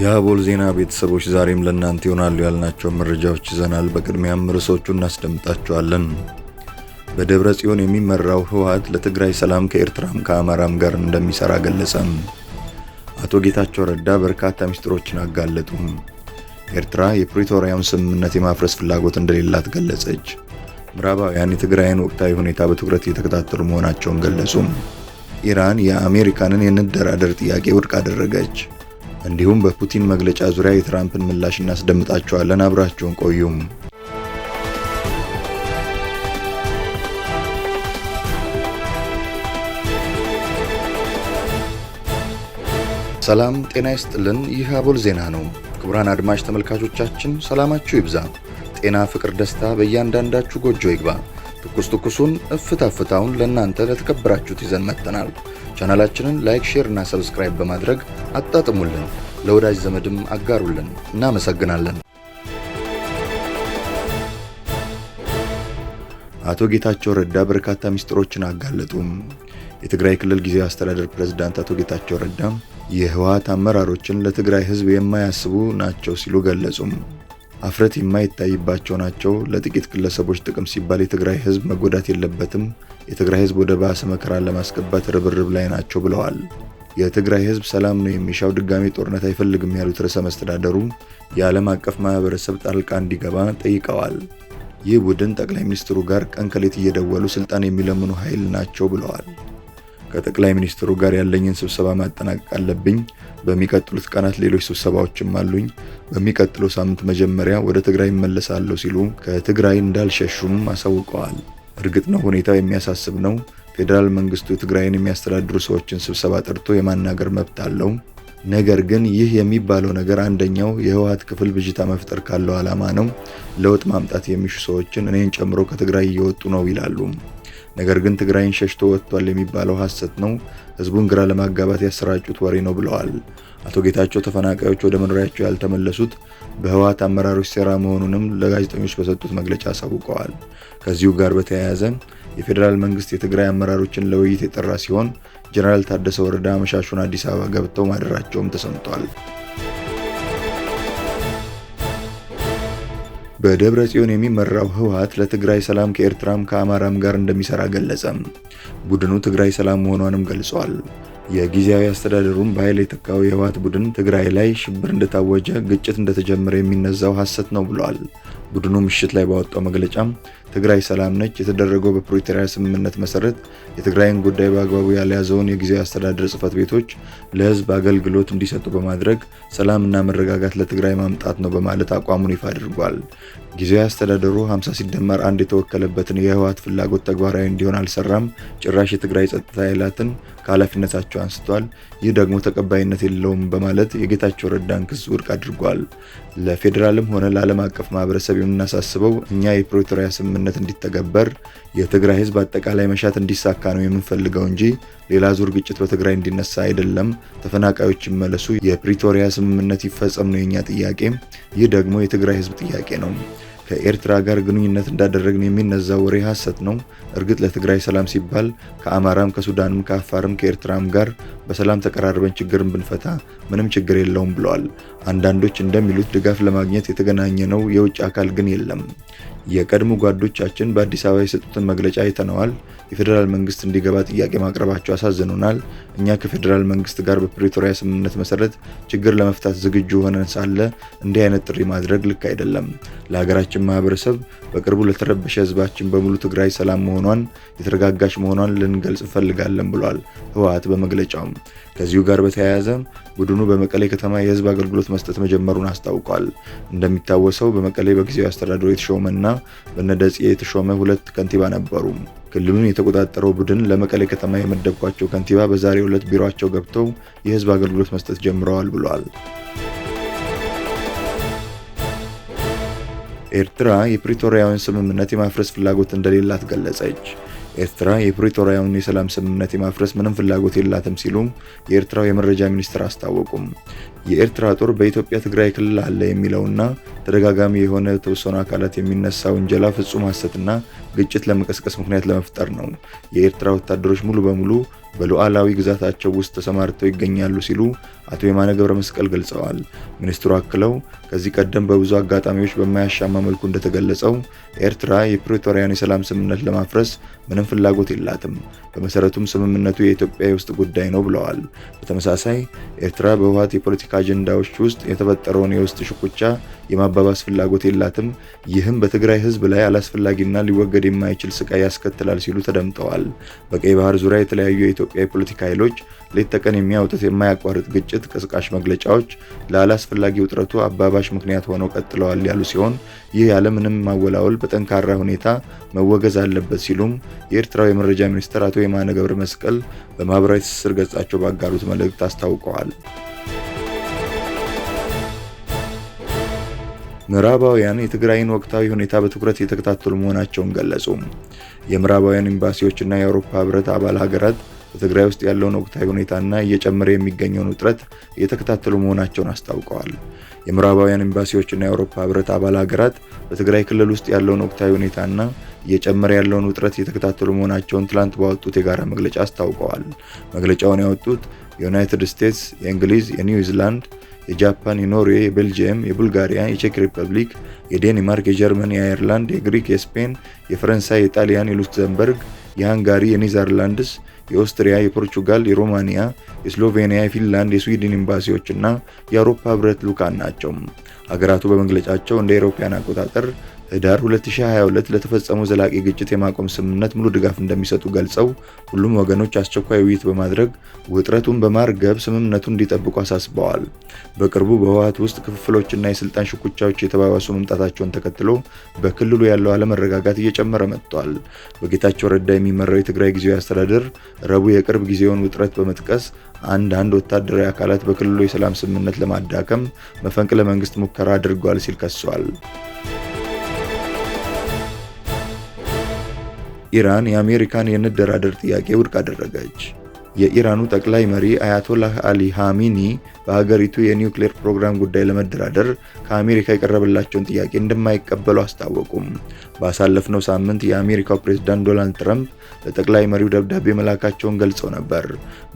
የአቦል ዜና ቤተሰቦች ዛሬም ለእናንተ ይሆናሉ ያልናቸው መረጃዎች ይዘናል። በቅድሚያም ርዕሶቹ እናስደምጣቸዋለን። በደብረ ጽዮን የሚመራው ህወሓት ለትግራይ ሰላም ከኤርትራም ከአማራም ጋር እንደሚሰራ ገለጸም። አቶ ጌታቸው ረዳ በርካታ ሚስጥሮችን አጋለጡ። ኤርትራ የፕሪቶሪያም ስምምነት የማፍረስ ፍላጎት እንደሌላት ገለጸች። ምዕራባውያን የትግራይን ወቅታዊ ሁኔታ በትኩረት እየተከታተሉ መሆናቸውን ገለጹም። ኢራን የአሜሪካንን የንደራደር ጥያቄ ውድቅ አደረገች። እንዲሁም በፑቲን መግለጫ ዙሪያ የትራምፕን ምላሽ እናስደምጣቸዋለን አብራችሁን ቆዩም። ሰላም ጤና ይስጥልን። ይህ አቦል ዜና ነው። ክቡራን አድማጭ ተመልካቾቻችን ሰላማችሁ ይብዛ፣ ጤና፣ ፍቅር፣ ደስታ በእያንዳንዳችሁ ጎጆ ይግባ። ትኩስ ትኩሱን እፍታ ፍታውን ለእናንተ ለተከበራችሁት ይዘን መጥተናል። ቻናላችንን ላይክ፣ ሼር እና ሰብስክራይብ በማድረግ አጣጥሙልን፣ ለወዳጅ ዘመድም አጋሩልን። እናመሰግናለን። አቶ ጌታቸው ረዳ በርካታ ሚስጥሮችን አጋለጡም። የትግራይ ክልል ጊዜያዊ አስተዳደር ፕሬዝዳንት አቶ ጌታቸው ረዳ የህወሓት አመራሮችን ለትግራይ ህዝብ የማያስቡ ናቸው ሲሉ ገለጹም። አፍረት የማይታይባቸው ናቸው። ለጥቂት ግለሰቦች ጥቅም ሲባል የትግራይ ህዝብ መጎዳት የለበትም። የትግራይ ህዝብ ወደ ባሰ መከራን ለማስገባት ርብርብ ላይ ናቸው ብለዋል። የትግራይ ህዝብ ሰላም ነው የሚሻው፣ ድጋሚ ጦርነት አይፈልግም ያሉት ርዕሰ መስተዳደሩ የዓለም አቀፍ ማህበረሰብ ጣልቃ እንዲገባ ጠይቀዋል። ይህ ቡድን ጠቅላይ ሚኒስትሩ ጋር ቀን ከሌት እየደወሉ ስልጣን የሚለምኑ ኃይል ናቸው ብለዋል። ከጠቅላይ ሚኒስትሩ ጋር ያለኝን ስብሰባ ማጠናቀቅ አለብኝ። በሚቀጥሉት ቀናት ሌሎች ስብሰባዎችም አሉኝ። በሚቀጥለው ሳምንት መጀመሪያ ወደ ትግራይ እመለሳለሁ ሲሉ ከትግራይ እንዳልሸሹም አሳውቀዋል። እርግጥ ነው ሁኔታው የሚያሳስብ ነው። ፌዴራል መንግስቱ ትግራይን የሚያስተዳድሩ ሰዎችን ስብሰባ ጠርቶ የማናገር መብት አለው። ነገር ግን ይህ የሚባለው ነገር አንደኛው የህወሀት ክፍል ብዥታ መፍጠር ካለው ዓላማ ነው። ለውጥ ማምጣት የሚሹ ሰዎችን እኔን ጨምሮ ከትግራይ እየወጡ ነው ይላሉ። ነገር ግን ትግራይን ሸሽቶ ወጥቷል የሚባለው ሐሰት ነው፣ ህዝቡን ግራ ለማጋባት ያሰራጩት ወሬ ነው ብለዋል። አቶ ጌታቸው ተፈናቃዮች ወደ መኖሪያቸው ያልተመለሱት በህወሓት አመራሮች ሴራ መሆኑንም ለጋዜጠኞች በሰጡት መግለጫ አሳውቀዋል። ከዚሁ ጋር በተያያዘ የፌዴራል መንግስት የትግራይ አመራሮችን ለውይይት የጠራ ሲሆን ጀነራል ታደሰ ወረዳ መሻሹን አዲስ አበባ ገብተው ማደራቸውም ተሰምቷል። በደብረ ጽዮን የሚመራው ህወሓት ለትግራይ ሰላም ከኤርትራም ከአማራም ጋር እንደሚሰራ ገለጸም። ቡድኑ ትግራይ ሰላም መሆኗንም ገልጿል። የጊዜያዊ አስተዳደሩም በኃይል የተካው የህወሓት ቡድን ትግራይ ላይ ሽብር እንደታወጀ፣ ግጭት እንደተጀመረ የሚነዛው ሐሰት ነው ብሏል። ቡድኑ ምሽት ላይ ባወጣው መግለጫም ትግራይ ሰላም ነች፣ የተደረገው በፕሪቶሪያ ስምምነት መሰረት የትግራይን ጉዳይ በአግባቡ ያልያዘውን የጊዜያዊ አስተዳደር ጽህፈት ቤቶች ለህዝብ አገልግሎት እንዲሰጡ በማድረግ ሰላምና መረጋጋት ለትግራይ ማምጣት ነው በማለት አቋሙን ይፋ አድርጓል። ጊዜያዊ አስተዳደሩ 50 ሲደመር አንድ የተወከለበትን የህወሓት ፍላጎት ተግባራዊ እንዲሆን አልሰራም፣ ጭራሽ የትግራይ ጸጥታ ኃይላትን ከኃላፊነታቸው አንስቷል። ይህ ደግሞ ተቀባይነት የለውም በማለት የጌታቸው ረዳን ክስ ውድቅ አድርጓል። ለፌዴራልም ሆነ ለዓለም አቀፍ ማህበረሰብ የምናሳስበው እኛ የፕሪቶሪያ ስምምነት እንዲተገበር የትግራይ ህዝብ አጠቃላይ መሻት እንዲሳካ ነው የምንፈልገው እንጂ ሌላ ዙር ግጭት በትግራይ እንዲነሳ አይደለም። ተፈናቃዮች ይመለሱ፣ የፕሪቶሪያ ስምምነት ይፈጸም ነው የኛ ጥያቄ። ይህ ደግሞ የትግራይ ህዝብ ጥያቄ ነው። ከኤርትራ ጋር ግንኙነት እንዳደረግን የሚነዛ ወሬ ሀሰት ነው። እርግጥ ለትግራይ ሰላም ሲባል ከአማራም ከሱዳንም ከአፋርም ከኤርትራም ጋር በሰላም ተቀራርበን ችግርን ብንፈታ ምንም ችግር የለውም ብለዋል አንዳንዶች እንደሚሉት ድጋፍ ለማግኘት የተገናኘ ነው፣ የውጭ አካል ግን የለም። የቀድሞ ጓዶቻችን በአዲስ አበባ የሰጡትን መግለጫ አይተነዋል። የፌዴራል መንግስት እንዲገባ ጥያቄ ማቅረባቸው አሳዝኖናል። እኛ ከፌዴራል መንግስት ጋር በፕሪቶሪያ ስምምነት መሰረት ችግር ለመፍታት ዝግጁ ሆነን ሳለ እንዲህ አይነት ጥሪ ማድረግ ልክ አይደለም። ለሀገራችን ማህበረሰብ፣ በቅርቡ ለተረበሸ ህዝባችን በሙሉ ትግራይ ሰላም መሆኗን የተረጋጋች መሆኗን ልንገልጽ እንፈልጋለን ብሏል ህወሓት በመግለጫውም። ከዚሁ ጋር በተያያዘ ቡድኑ በመቀሌ ከተማ የህዝብ አገልግሎት መስጠት መጀመሩን አስታውቋል። እንደሚታወሰው በመቀሌ በጊዜያዊ አስተዳደሩ እና በነደፄ የተሾመ ሁለት ከንቲባ ነበሩ። ክልሉን የተቆጣጠረው ቡድን ለመቀሌ ከተማ የመደብኳቸው ከንቲባ በዛሬው ዕለት ቢሮቸው ገብተው የህዝብ አገልግሎት መስጠት ጀምረዋል ብሏል። ኤርትራ የፕሪቶሪያውን ስምምነት የማፍረስ ፍላጎት እንደሌላት ገለጸች። ኤርትራ የፕሪቶሪያውን የሰላም ስምምነት የማፍረስ ምንም ፍላጎት የላትም ሲሉ የኤርትራው የመረጃ ሚኒስትር አስታወቁም። የኤርትራ ጦር በኢትዮጵያ ትግራይ ክልል አለ የሚለውና ተደጋጋሚ የሆነ የተወሰኑ አካላት የሚነሳ ውንጀላ ፍጹም ሐሰትና ግጭት ለመቀስቀስ ምክንያት ለመፍጠር ነው። የኤርትራ ወታደሮች ሙሉ በሙሉ በሉዓላዊ ግዛታቸው ውስጥ ተሰማርተው ይገኛሉ ሲሉ አቶ የማነ ገብረ መስቀል ገልጸዋል። ሚኒስትሩ አክለው ከዚህ ቀደም በብዙ አጋጣሚዎች በማያሻማ መልኩ እንደተገለጸው ኤርትራ የፕሪቶሪያን የሰላም ስምምነት ለማፍረስ ምንም ፍላጎት የላትም፣ በመሰረቱም ስምምነቱ የኢትዮጵያ የውስጥ ጉዳይ ነው ብለዋል። በተመሳሳይ ኤርትራ በህወሓት የፖለቲካ ከአጀንዳዎች ውስጥ የተፈጠረውን የውስጥ ሽኩቻ የማባባስ ፍላጎት የላትም። ይህም በትግራይ ህዝብ ላይ አላስፈላጊና ሊወገድ የማይችል ስቃይ ያስከትላል ሲሉ ተደምጠዋል። በቀይ ባህር ዙሪያ የተለያዩ የኢትዮጵያ የፖለቲካ ኃይሎች ሌት ተቀን የሚያወጡት የማያቋርጥ ግጭት ቀስቃሽ መግለጫዎች ለአላስፈላጊ ውጥረቱ አባባሽ ምክንያት ሆነው ቀጥለዋል ያሉ ሲሆን ይህ ያለምንም ማወላወል በጠንካራ ሁኔታ መወገዝ አለበት ሲሉም የኤርትራው የመረጃ ሚኒስትር አቶ የማነ ገብረ መስቀል በማህበራዊ ትስስር ገጻቸው ባጋሩት መልእክት አስታውቀዋል። ምዕራባውያን የትግራይን ወቅታዊ ሁኔታ በትኩረት የተከታተሉ መሆናቸውን ገለጹ። የምዕራባውያን ኤምባሲዎችና የአውሮፓ ህብረት አባል ሀገራት በትግራይ ውስጥ ያለውን ወቅታዊ ሁኔታና እየጨመረ የሚገኘውን ውጥረት እየተከታተሉ መሆናቸውን አስታውቀዋል። የምዕራባውያን ኤምባሲዎችና የአውሮፓ ህብረት አባል ሀገራት በትግራይ ክልል ውስጥ ያለውን ወቅታዊ ሁኔታና እየጨመረ ያለውን ውጥረት እየተከታተሉ መሆናቸውን ትላንት ባወጡት የጋራ መግለጫ አስታውቀዋል። መግለጫውን ያወጡት የዩናይትድ ስቴትስ፣ የእንግሊዝ፣ የኒውዚላንድ የጃፓን፣ የኖርዌ፣ የቤልጅየም፣ የቡልጋሪያ፣ የቼክ ሪፐብሊክ፣ የዴንማርክ፣ የጀርመን፣ የአየርላንድ፣ የግሪክ፣ የስፔን፣ የፈረንሳይ፣ የጣሊያን፣ የሉክዘምበርግ፣ የሃንጋሪ፣ የኔዘርላንድስ፣ የኦስትሪያ፣ የፖርቹጋል፣ የሮማኒያ፣ የስሎቬኒያ፣ የፊንላንድ፣ የስዊድን ኤምባሲዎች እና የአውሮፓ ህብረት ልዑካን ናቸው። ሀገራቱ በመግለጫቸው እንደ አውሮፓውያን አቆጣጠር ህዳር 2022 ለተፈጸመው ዘላቂ ግጭት የማቆም ስምምነት ሙሉ ድጋፍ እንደሚሰጡ ገልጸው ሁሉም ወገኖች አስቸኳይ ውይይት በማድረግ ውጥረቱን በማርገብ ስምምነቱን እንዲጠብቁ አሳስበዋል። በቅርቡ በህወሓት ውስጥ ክፍፍሎችና የስልጣን ሽኩቻዎች የተባባሱ መምጣታቸውን ተከትሎ በክልሉ ያለው አለመረጋጋት እየጨመረ መጥቷል። በጌታቸው ረዳ የሚመራው የትግራይ ጊዜያዊ አስተዳደር ረቡዕ የቅርብ ጊዜውን ውጥረት በመጥቀስ አንዳንድ ወታደራዊ አካላት በክልሉ የሰላም ስምምነት ለማዳከም መፈንቅለ መንግስት ሙከራ አድርገዋል ሲል ከሷል። ኢራን የአሜሪካን የንደራደር ጥያቄ ውድቅ አደረገች። የኢራኑ ጠቅላይ መሪ አያቶላህ አሊ ሃሚኒ በሀገሪቱ የኒውክሌር ፕሮግራም ጉዳይ ለመደራደር ከአሜሪካ የቀረበላቸውን ጥያቄ እንደማይቀበሉ አስታወቁም። ባሳለፍነው ሳምንት የአሜሪካው ፕሬዝዳንት ዶናልድ ትራምፕ ለጠቅላይ መሪው ደብዳቤ መላካቸውን ገልጸው ነበር።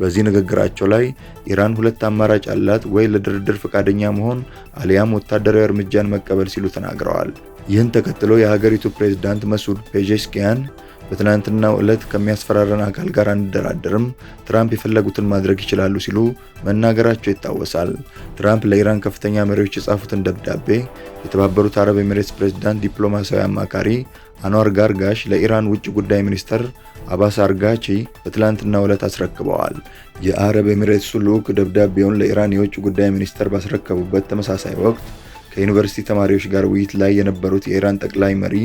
በዚህ ንግግራቸው ላይ ኢራን ሁለት አማራጭ አላት፣ ወይ ለድርድር ፈቃደኛ መሆን አሊያም ወታደራዊ እርምጃን መቀበል ሲሉ ተናግረዋል። ይህን ተከትሎ የሀገሪቱ ፕሬዝዳንት መሱድ ፔጀስኪያን በትናንትናው ዕለት ከሚያስፈራረን አካል ጋር አንደራደርም፣ ትራምፕ የፈለጉትን ማድረግ ይችላሉ ሲሉ መናገራቸው ይታወሳል። ትራምፕ ለኢራን ከፍተኛ መሪዎች የጻፉትን ደብዳቤ የተባበሩት አረብ ኤሚሬትስ ፕሬዝዳንት ዲፕሎማሲያዊ አማካሪ አንዋር ጋርጋሽ ለኢራን ውጭ ጉዳይ ሚኒስተር አባስ አርጋቺ በትላንትናው ዕለት አስረክበዋል። የአረብ ኤሚሬትሱ ልዑክ ደብዳቤውን ለኢራን የውጭ ጉዳይ ሚኒስተር ባስረከቡበት ተመሳሳይ ወቅት ከዩኒቨርሲቲ ተማሪዎች ጋር ውይይት ላይ የነበሩት የኢራን ጠቅላይ መሪ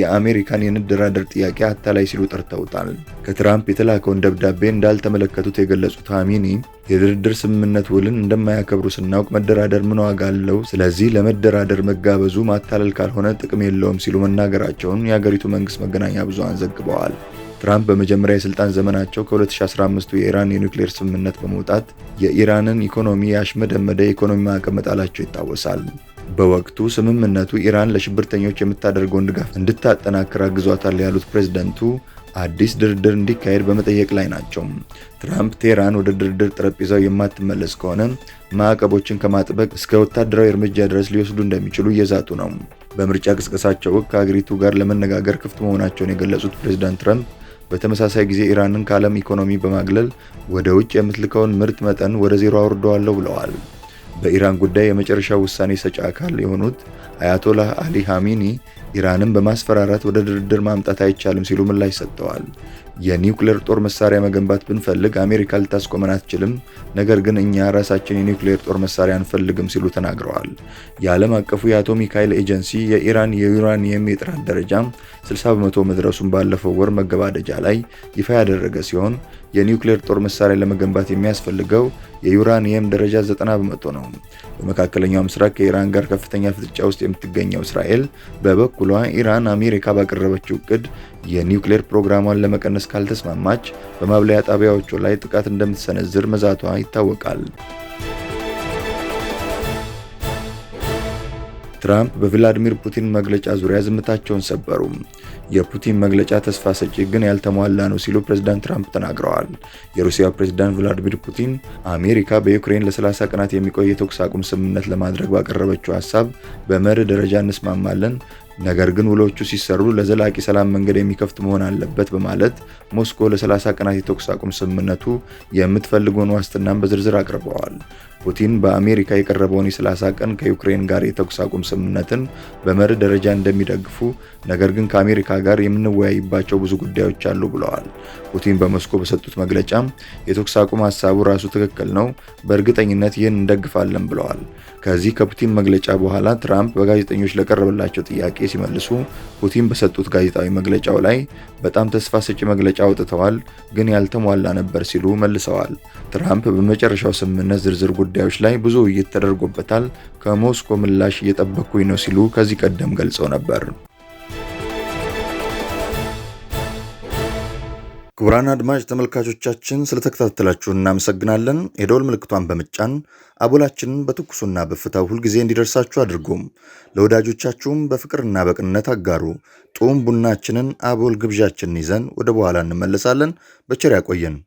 የአሜሪካን የመደራደር ጥያቄ አታላይ ሲሉ ጠርተውታል። ከትራምፕ የተላከውን ደብዳቤ እንዳልተመለከቱት የገለጹት ሀሚኒ የድርድር ስምምነት ውልን እንደማያከብሩ ስናውቅ መደራደር ምን ዋጋ አለው? ስለዚህ ለመደራደር መጋበዙ ማታለል ካልሆነ ጥቅም የለውም ሲሉ መናገራቸውን የአገሪቱ መንግስት መገናኛ ብዙሃን ዘግበዋል። ትራምፕ በመጀመሪያ የስልጣን ዘመናቸው ከ2015 የኢራን የኒውክሌር ስምምነት በመውጣት የኢራንን ኢኮኖሚ ያሽመደመደ የኢኮኖሚ ማዕቀብ መጣላቸው ይታወሳል። በወቅቱ ስምምነቱ ኢራን ለሽብርተኞች የምታደርገውን ድጋፍ እንድታጠናክር አግዟታል ያሉት ፕሬዝደንቱ አዲስ ድርድር እንዲካሄድ በመጠየቅ ላይ ናቸው። ትራምፕ ቴህራን ወደ ድርድር ጠረጴዛው የማትመለስ ከሆነ ማዕቀቦችን ከማጥበቅ እስከ ወታደራዊ እርምጃ ድረስ ሊወስዱ እንደሚችሉ እየዛቱ ነው። በምርጫ ቅስቀሳቸው ወቅት ከሀገሪቱ ጋር ለመነጋገር ክፍት መሆናቸውን የገለጹት ፕሬዝዳንት ትራምፕ በተመሳሳይ ጊዜ ኢራንን ከዓለም ኢኮኖሚ በማግለል ወደ ውጭ የምትልከውን ምርት መጠን ወደ ዜሮ አውርደዋለሁ ብለዋል። በኢራን ጉዳይ የመጨረሻ ውሳኔ ሰጪ አካል የሆኑት አያቶላህ አሊ ሃሚኒ ኢራንን በማስፈራራት ወደ ድርድር ማምጣት አይቻልም ሲሉ ምላሽ ሰጥተዋል። የኒውክሌር ጦር መሳሪያ መገንባት ብንፈልግ አሜሪካ ልታስቆመን አትችልም፣ ነገር ግን እኛ ራሳችን የኒውክሌር ጦር መሳሪያ አንፈልግም ሲሉ ተናግረዋል። የዓለም አቀፉ የአቶሚክ ኃይል ኤጀንሲ የኢራን የዩራኒየም የጥራት ደረጃ 60 በመቶ መድረሱን ባለፈው ወር መገባደጃ ላይ ይፋ ያደረገ ሲሆን የኒውክሌር ጦር መሳሪያ ለመገንባት የሚያስፈልገው የዩራኒየም ደረጃ 90 በመቶ ነው። በመካከለኛው ምስራቅ ከኢራን ጋር ከፍተኛ ፍጥጫ ውስጥ የምትገኘው እስራኤል በበኩሏ ኢራን አሜሪካ ባቀረበችው እቅድ የኒውክሌር ፕሮግራሟን ለመቀነስ ካልተስማማች በማብለያ ጣቢያዎቹ ላይ ጥቃት እንደምትሰነዝር መዛቷ ይታወቃል። ትራምፕ በቭላዲሚር ፑቲን መግለጫ ዙሪያ ዝምታቸውን ሰበሩ። የፑቲን መግለጫ ተስፋ ሰጪ ግን ያልተሟላ ነው ሲሉ ፕሬዚዳንት ትራምፕ ተናግረዋል። የሩሲያ ፕሬዚዳንት ቭላዲሚር ፑቲን አሜሪካ በዩክሬን ለ30 ቀናት የሚቆይ የተኩስ አቁም ስምምነት ለማድረግ ባቀረበችው ሀሳብ በመርህ ደረጃ እንስማማለን ነገር ግን ውሎቹ ሲሰሩ ለዘላቂ ሰላም መንገድ የሚከፍት መሆን አለበት በማለት ሞስኮ ለ30 ቀናት የተኩስ አቁም ስምምነቱ የምትፈልገውን ዋስትናን በዝርዝር አቅርበዋል። ፑቲን በአሜሪካ የቀረበውን የሰላሳ ቀን ከዩክሬን ጋር የተኩስ አቁም ስምምነትን በመርህ ደረጃ እንደሚደግፉ ነገር ግን ከአሜሪካ ጋር የምንወያይባቸው ብዙ ጉዳዮች አሉ ብለዋል። ፑቲን በሞስኮ በሰጡት መግለጫ የተኩስ አቁም ሀሳቡ ራሱ ትክክል ነው፣ በእርግጠኝነት ይህን እንደግፋለን ብለዋል። ከዚህ ከፑቲን መግለጫ በኋላ ትራምፕ በጋዜጠኞች ለቀረበላቸው ጥያቄ ሲመልሱ ፑቲን በሰጡት ጋዜጣዊ መግለጫው ላይ በጣም ተስፋ ሰጪ መግለጫ አውጥተዋል፣ ግን ያልተሟላ ነበር ሲሉ መልሰዋል። ትራምፕ በመጨረሻው ስምምነት ዝርዝር ጉዳይ ጉዳዮች ላይ ብዙ ውይይት ተደርጎበታል። ከሞስኮ ምላሽ እየጠበቅኩኝ ነው ሲሉ ከዚህ ቀደም ገልጸው ነበር። ክቡራን አድማጭ ተመልካቾቻችን ስለተከታተላችሁ እናመሰግናለን። የደወል ምልክቷን በመጫን አቦላችንን በትኩሱና በፍታው ሁልጊዜ እንዲደርሳችሁ አድርጉም። ለወዳጆቻችሁም በፍቅርና በቅንነት አጋሩ። ጡም ቡናችንን አቦል ግብዣችንን ይዘን ወደ በኋላ እንመለሳለን። በቸር ያቆየን።